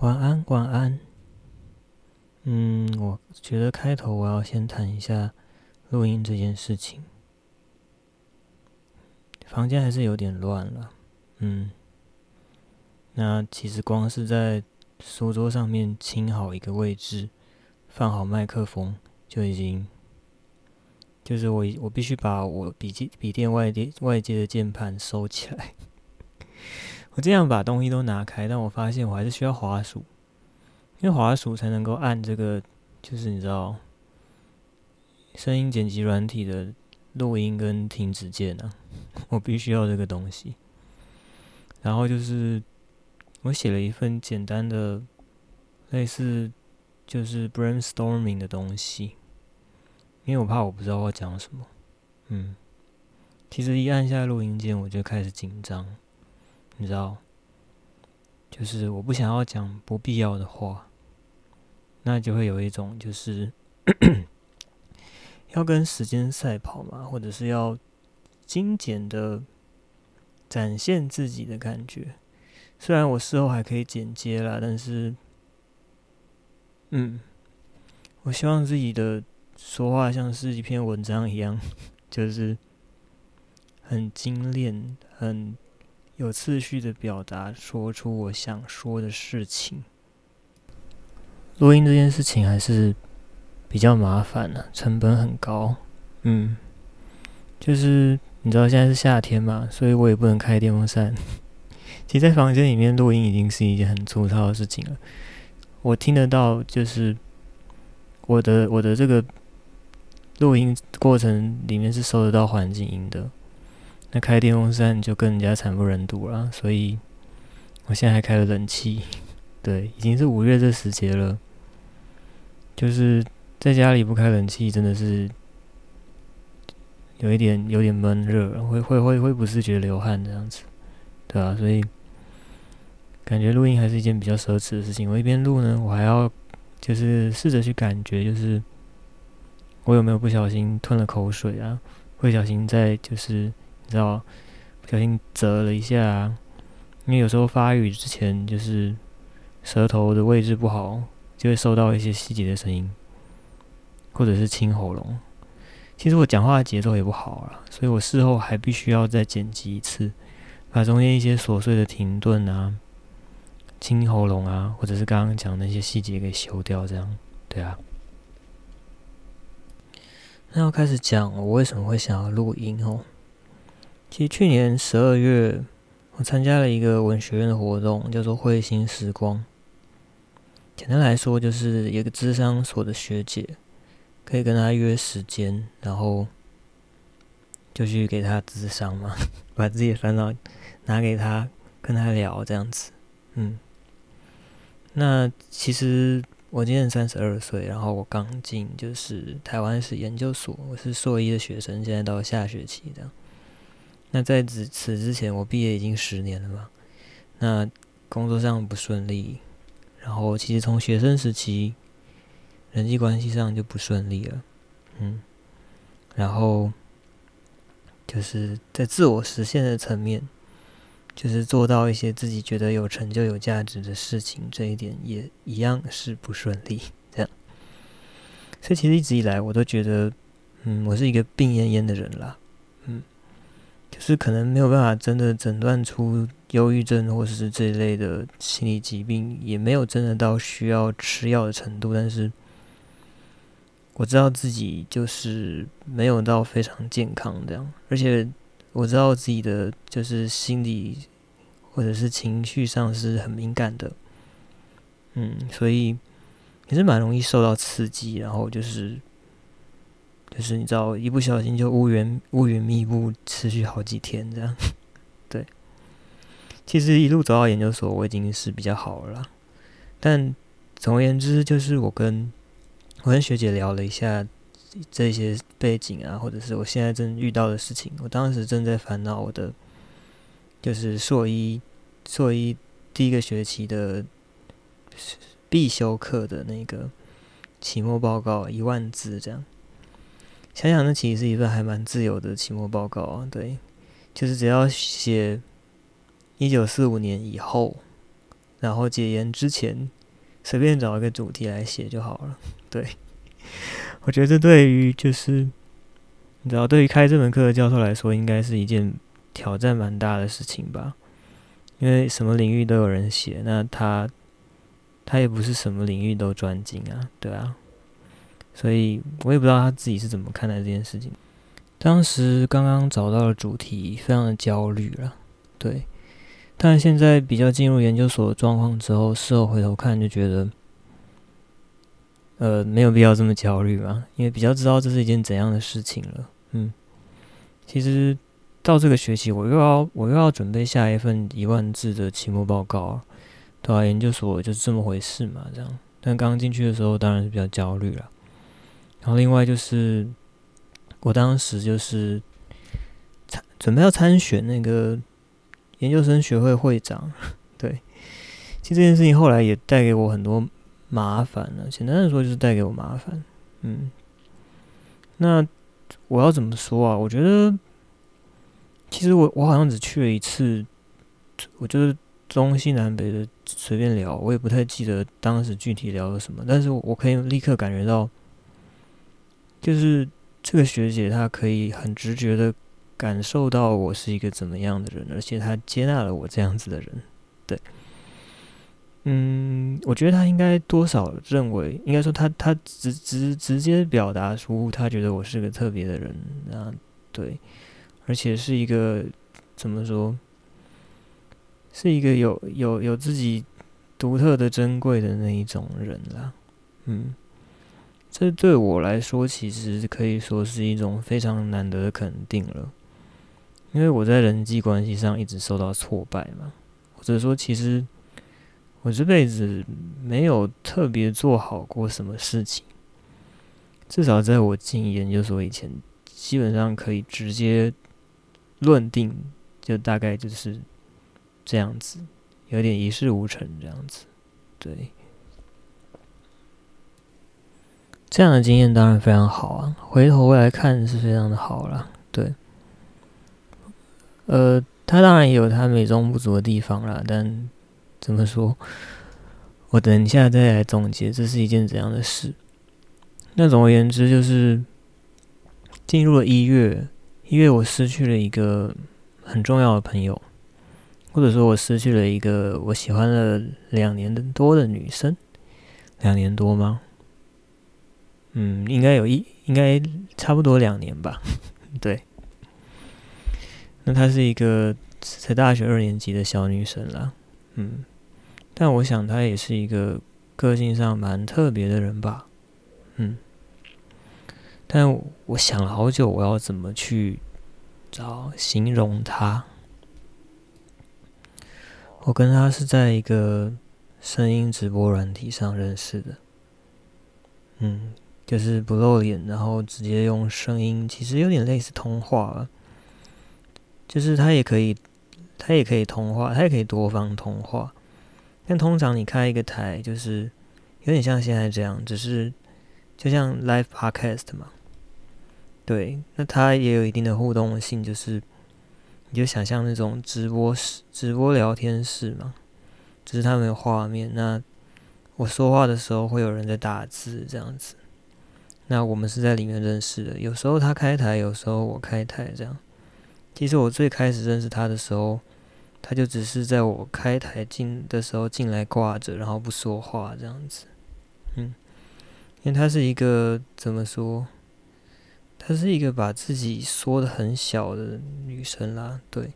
晚安，晚安。嗯，我覺得開頭我要先談一下錄音這件事情。房間還是有點亂了，嗯。那其實光是在書桌上面清好一個位置，放好麥克風，就已經，就是我我必須把我筆記、筆電外接外接的鍵盤收起來。我這樣把東西都拿開，但我發現我還是需要滑鼠，因為滑鼠才能夠按這個，就是你知道，聲音剪輯軟體的錄音跟停止鍵呢、啊，我必須要這個東西。然後就是我寫了一份簡單的，類似就是 brainstorming 的東西，因為我怕我不知道要講什麼。嗯，其實一按下錄音鍵，我就開始緊張。你知道，就是我不想要講不必要的話，那就會有一種就是 要跟時間賽跑嘛，或者是要精簡的展現自己的感覺。雖然我事後還可以剪接了，但是，嗯，我希望自己的說話像是一篇文章一樣，就是很精煉、很。有次序的表達，說出我想說的事情。錄音這件事情還是比較麻煩的，成本很高。嗯，就是你知道現在是夏天嘛，所以我也不能開電風扇。其實，在房間裡面錄音已經是一件很粗糙的事情了。我聽得到，就是我的我的這個錄音過程裡面是收得到環境音的。那開電風扇你就跟人家慘不忍睹了，啊，所以我現在還開了冷氣。對，已經是五月這時節了，就是在家裡不開冷氣真的是有一點有點悶熱，會會會會不自覺得流汗這樣子，對吧，啊？所以感覺錄音還是一件比較奢侈的事情。我一邊錄呢，我還要就是試着去感覺，就是我有沒有不小心吞了口水啊？會小心在就是。你知道，不小心折了一下啊，因為有時候發語之前就是舌頭的位置不好，就會收到一些細節的聲音，或者是清喉嚨。其實我講話的節奏也不好啊，所以我事後還必須要再剪輯一次，把中間一些瑣碎的停頓啊、清喉嚨啊，或者是剛剛講那些細節給修掉。這樣對啊，那要開始講我為什麼會想要錄音哦。其實去年十二月，我參加了一個文學院的活動，叫做“彗星時光”。簡單來說，就是有一個諮商所的學姐，可以跟他約時間，然後就去給他諮商嘛， 把自己的煩惱拿給他，跟他聊這樣子。嗯，那其實我今年三十二歲，然後我剛進就是臺灣史研究所，我是碩一的學生，現在到下學期這樣。那在此之前，我畢業已經十年了嘛。那工作上不順利，然後其實從學生時期，人際關係上就不順利了。嗯，然後就是在自我實現的層面，就是做到一些自己覺得有成就、有價值的事情，這一點也一樣是不順利。這樣，所以其實一直以來我都覺得，嗯，我是一個病懨懨的人啦。嗯。是可能沒有辦法真的診斷出憂鬱症或者是這一類的心理疾病，也沒有真的到需要吃藥的程度。但是我知道自己就是沒有到非常健康這樣，而且我知道自己的就是心理或者是情緒上是很敏感的，嗯，所以也是蠻容易受到刺激，然後就是。就是你知道，一不小心就烏雲烏雲密布，持續好幾天這樣。對，其實一路走到研究所，我已經是比較好了啦。但總而言之，就是我跟我跟學姐聊了一下這些背景啊，或者是我現在正遇到的事情。我當時正在煩惱我的就是碩一碩一第一個學期的必修課的那個期末報告，一萬字這樣。想想，那其實是一份還蠻自由的期末報告啊。對，就是只要寫一九四五年以後，然後解嚴之前，隨便找一個主題來寫就好了。對， 我覺得這對於就是你知道，對於開這門課的教授來說，應該是一件挑戰蠻大的事情吧。因為什麼領域都有人寫，那他他也不是什麼領域都專精啊。對啊。所以我也不知道他自己是怎麼看待這件事情。當時剛剛找到了主題，非常的焦慮了。對，但現在比較進入研究所的狀況之後，事後回頭看就覺得，呃，沒有必要這麼焦慮吧？因為比較知道這是一件怎樣的事情了。嗯，其實到這個學期，我又要我又要準備下一份一萬字的期末報告到、啊、對啊，研究所就是這麼回事嘛，這樣。但剛剛進去的時候，當然是比較焦慮了。然後，另外就是，我當時就是參準備要參選那個研究生學會會長。對，其實這件事情後來也帶給我很多麻煩了。簡單的說，就是帶給我麻煩。嗯，那我要怎麼說啊？我覺得其實我我好像只去了一次，我就是東西南北的隨便聊，我也不太記得當時具體聊了什麼，但是我可以立刻感覺到，就是這個學姐，她可以很直覺的感受到我是一個怎麼樣的人，而且她接納了我這樣子的人，對，嗯，我覺得她應該多少認為，應該說她她直直直接表達出她覺得我是個特別的人啊，對，而且是一個怎麼說，是一個有有有自己獨特的、珍貴的那一種人啦。嗯。這對我來說，其實可以說是一種非常難得的肯定了。因為我在人際關係上一直受到挫敗嘛，或者說，其實我這輩子沒有特別做好過什麼事情。至少在我進研究所以前，基本上可以直接論定，就大概就是這樣子，有點一事無成這樣子，對。這樣的經驗當然非常好啊，回頭來看是非常的好了。對，呃，他當然也有他美中不足的地方啦。但怎麼說，我等一下再來總結這是一件怎樣的事。那總而言之就是，進入了一月，一月我失去了一個很重要的朋友，或者說，我失去了一個我喜歡了兩年多的女生，兩年多嗎？嗯，應該有一，應該差不多兩年吧，對。那她是一個才大學二年級的小女生啦。嗯。但我想她也是一個個性上蠻特別的人吧，嗯。但我想了好久，我要怎麼去找形容她。我跟她是在一個聲音直播軟體上認識的，嗯。就是不露臉，然後直接用聲音，其實有點類似通話了，就是它也可以，它也可以通話，它也可以多方通話。但通常你開一個台，就是有點像現在這樣，只是就像 live podcast 嘛。對，那它也有一定的互動性，就是你就想象那種直播室、直播聊天室嘛，只是它沒有畫面。那我說話的時候，會有人在打字這樣子。那我們是在裡面認識的，有時候他開台，有時候我開台這樣。其實我最開始認識他的時候，他就只是在我開台進的時候進來掛着，然後不說話這樣子。嗯，因為他是一個怎麼說？他是一個把自己縮的很小的女生啦。對，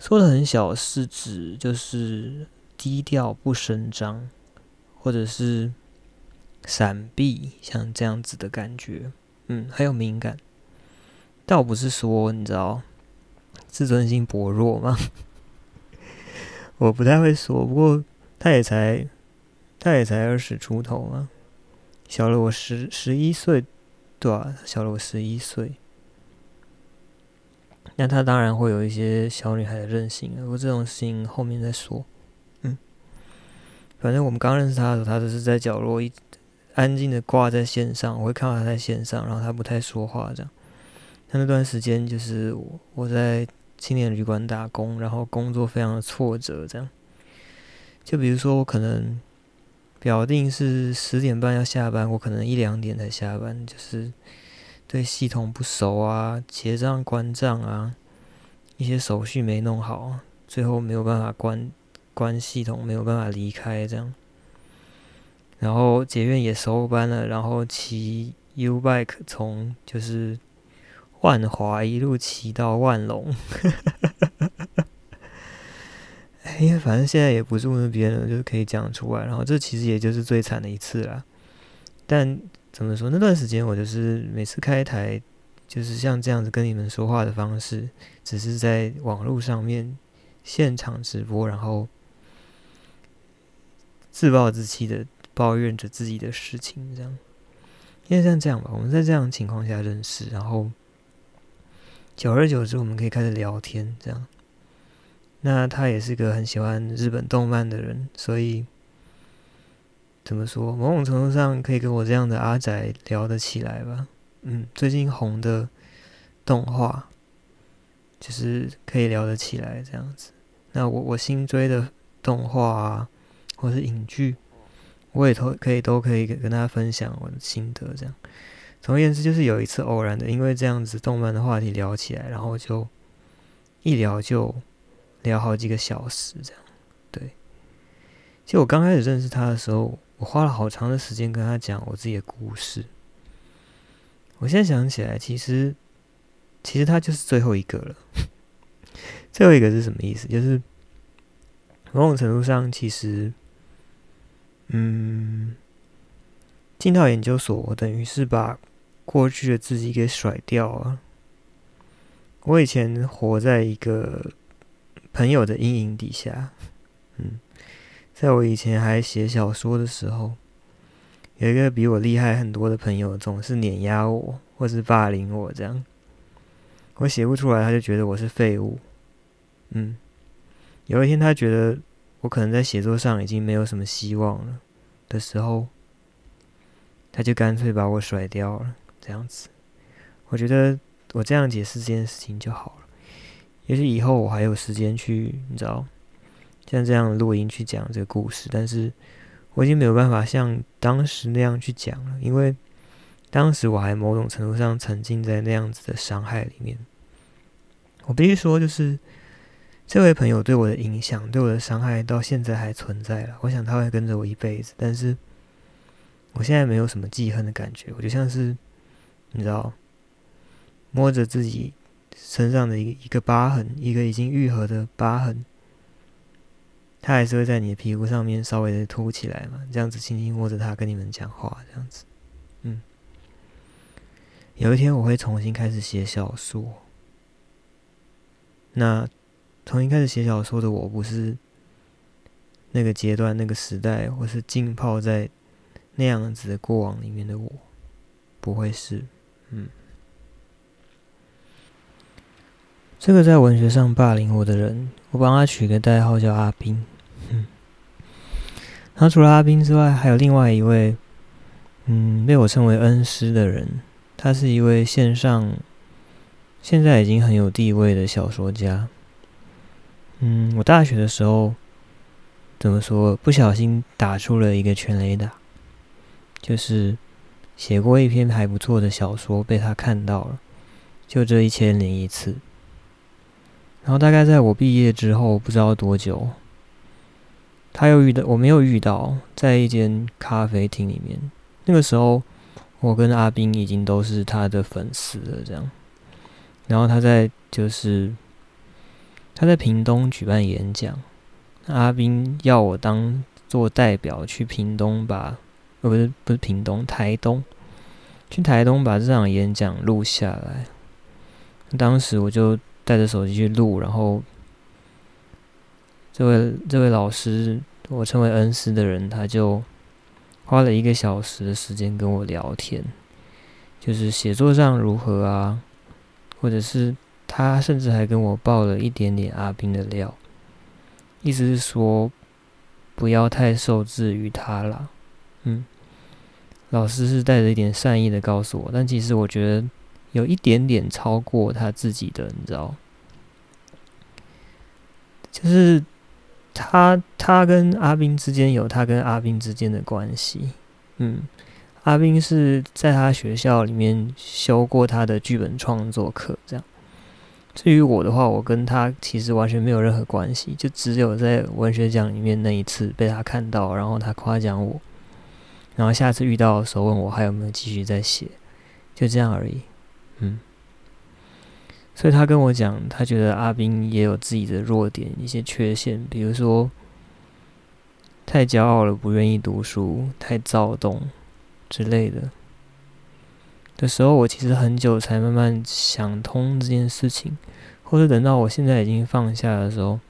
縮的很小的是指就是低調不聲張，或者是。閃避，像這樣子的感覺，嗯，還有敏感，倒不是說你知道自尊心薄弱嗎？ 我不太會說，不過他也才，他也才二十出頭嘛、啊，小了我十十一歲，對吧、啊？小了我十一歲，那他當然會有一些小女孩的任性啊。不過這種事情後面再說，嗯，反正我們剛認識他的時候，他只是在角落一。安靜的掛在線上，我會看到他在線上，然後他不太說話這樣。那，那段時間就是我我在青年旅館打工，然後工作非常的挫折這樣。就比如說我可能表定是十點半要下班，我可能一兩點才下班，就是對系統不熟啊，結賬關賬啊，一些手續沒弄好，最後沒有辦法關關系統，沒有辦法離開這樣。然後捷運也收班了，然後騎 U bike 從就是萬華一路騎到萬隆，哈哈哈哈哈。哎呀，反正現在也不是問別人，就是可以講出來。然後這其實也就是最慘的一次了。但怎麼說，那段時間我就是每次開台，就是像這樣子跟你們說話的方式，只是在網絡上面現場直播，然後自暴自棄的。抱怨着自己的事情，這樣，因為像這樣吧，我們在這樣情況下認識，然後久而久之，我們可以開始聊天，這樣。那他也是個很喜歡日本動漫的人，所以怎麼說，某種程度上可以跟我這樣的阿宅聊得起來吧？嗯，最近紅的動畫，就是可以聊得起來這樣子。那我我新追的動畫啊，或是影劇。我也都可以，都可以跟跟大家分享我的心得，這樣。總而言之，就是有一次偶然的，因為這樣子動漫的話題聊起來，然後就一聊就聊好幾個小時，這樣。對。其實我剛開始認識他的時候，我花了好長的時間跟他講我自己的故事。我現在想起來，其實其實他就是最後一個了。最後一個是什麼意思？就是某種程度上，其實。嗯，進到研究所，我等於是把過去的自己給甩掉了。我以前活在一個朋友的陰影底下，嗯，在我以前還寫小說的時候，有一個比我厲害很多的朋友，總是碾壓我，或是霸凌我，這樣，我寫不出來，他就覺得我是廢物。嗯，有一天他覺得我可能在寫作上已經沒有什麼希望了的時候，他就乾脆把我甩掉了，這樣子。我覺得我這樣解釋這件事情就好了。也許以後我還有時間去，你知道，像這樣錄音去講這個故事，但是我已經沒有辦法像當時那樣去講了，因為當時我還某種程度上沉浸在那樣子的傷害裡面。我必須說，就是。這位朋友對我的影響，對我的傷害到現在還存在了。我想他會跟着我一輩子，但是我現在沒有什麼記恨的感覺。我就像是，你知道，摸着自己身上的一個一個疤痕，一個已經癒合的疤痕，它還是會在你的皮膚上面稍微的凸起來嘛，這樣子，輕輕摸着它，跟你們講話，這樣子。嗯，有一天我會重新開始寫小說。那。從一開始寫小說的我，不是那個階段、那個時代，或是浸泡在那樣子的過往裡面的我，不會是。嗯，這個在文學上霸凌我的人，我幫他取個代號叫阿賓，嗯，然後除了阿賓之外，還有另外一位，嗯，被我稱為恩師的人，他是一位線上現在已經很有地位的小說家。嗯，我大學的時候，怎麼說？不小心打出了一個全壘打，就是寫過一篇還不錯的小說，被他看到了，就這一千零一次。然後大概在我畢業之後，不知道多久，他又遇到，我沒有遇到，在一間咖啡廳裡面。那個時候，我跟阿斌已經都是他的粉絲了，這樣。然後他在就是。他在屏東舉辦演講，阿斌要我當做代表去屏東吧，不是不是屏東，台東，去台東把這場演講錄下來。當時我就帶着手機去錄，然後這位這位老師，我稱為恩師的人，他就花了一個小時的時間跟我聊天，就是寫作上如何啊，或者是。他甚至還跟我爆了一點點阿斌的料，意思是說，不要太受制於他啦。嗯，老師是帶着一點善意的告訴我，但其實我覺得有一點點超過他自己的，你知道？就是他他跟阿斌之間有他跟阿斌之間的關係。嗯，阿斌是在他學校裡面修過他的劇本創作課，這樣。至於我的話，我跟他其實完全沒有任何關係，就只有在文學獎裡面那一次被他看到，然後他誇獎我，然後下次遇到的時候問我還有沒有繼續再寫，就這樣而已，嗯。所以他跟我講，他覺得阿斌也有自己的弱點、一些缺陷，比如說太驕傲了，不願意讀書，太躁動之類的。的時候，我其實很久才慢慢想通這件事情，或者等到我現在已經放下的時候，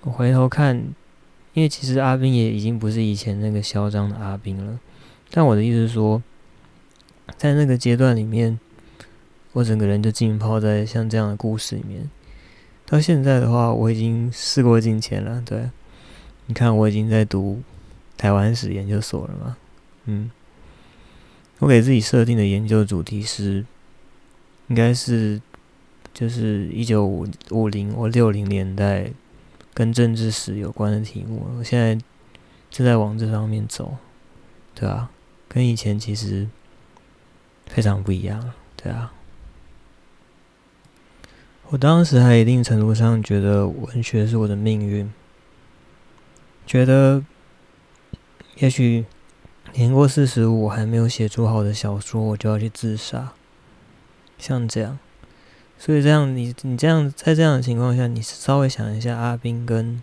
我回頭看，因為其實阿斌也已經不是以前那個囂張的阿斌了。但我的意思是說，在那個階段裡面，我整個人就浸泡在像這樣的故事裡面。到現在的話，我已經事過境遷了。對，你看，我已經在讀台灣史研究所了嘛，嗯。我給自己設定的研究主題是，應該是就是一九五五零或六零年代跟政治史有關的題目。我現在正在往這方面走，對吧、啊？跟以前其實非常不一樣，對啊。我當時還一定程度上覺得文學是我的命運，覺得也許。年過四十五還沒有寫出好的小說，我就要去自殺，像這樣。所以這樣，你你這樣，在這樣的情況下，你稍微想一下，阿斌跟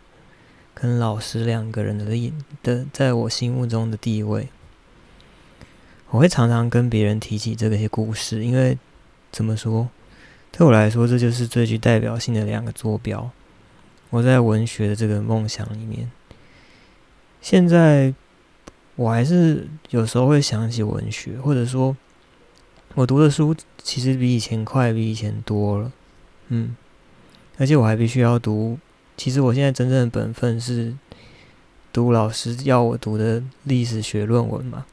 跟老師兩個人的影的，在我心目中的地位，我會常常跟別人提起這個些故事，因為怎麼說，對我來說，這就是最具代表性的兩個坐標。我在文學的這個夢想裡面，現在。我還是有時候會想起文學，或者說，我讀的書其實比以前快，比以前多了，嗯，而且我還必須要讀。其實我現在真正的本分是讀老師要我讀的歷史學論文嘛。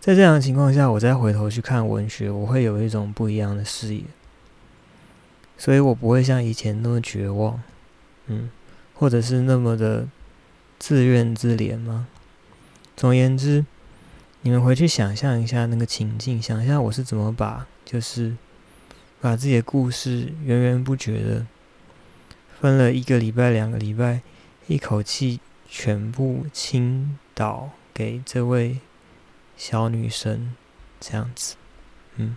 在這樣的情況下，我再回頭去看文學，我會有一種不一樣的視野，所以我不會像以前那麼絕望，嗯，或者是那麼的。自怨自憐嗎？總而言之，你們回去想象一下那個情境，想象我是怎麼把，就是把自己的故事源源不絕的分了一個禮拜、兩個禮拜，一口氣全部傾倒給這位小女生，這樣子，嗯。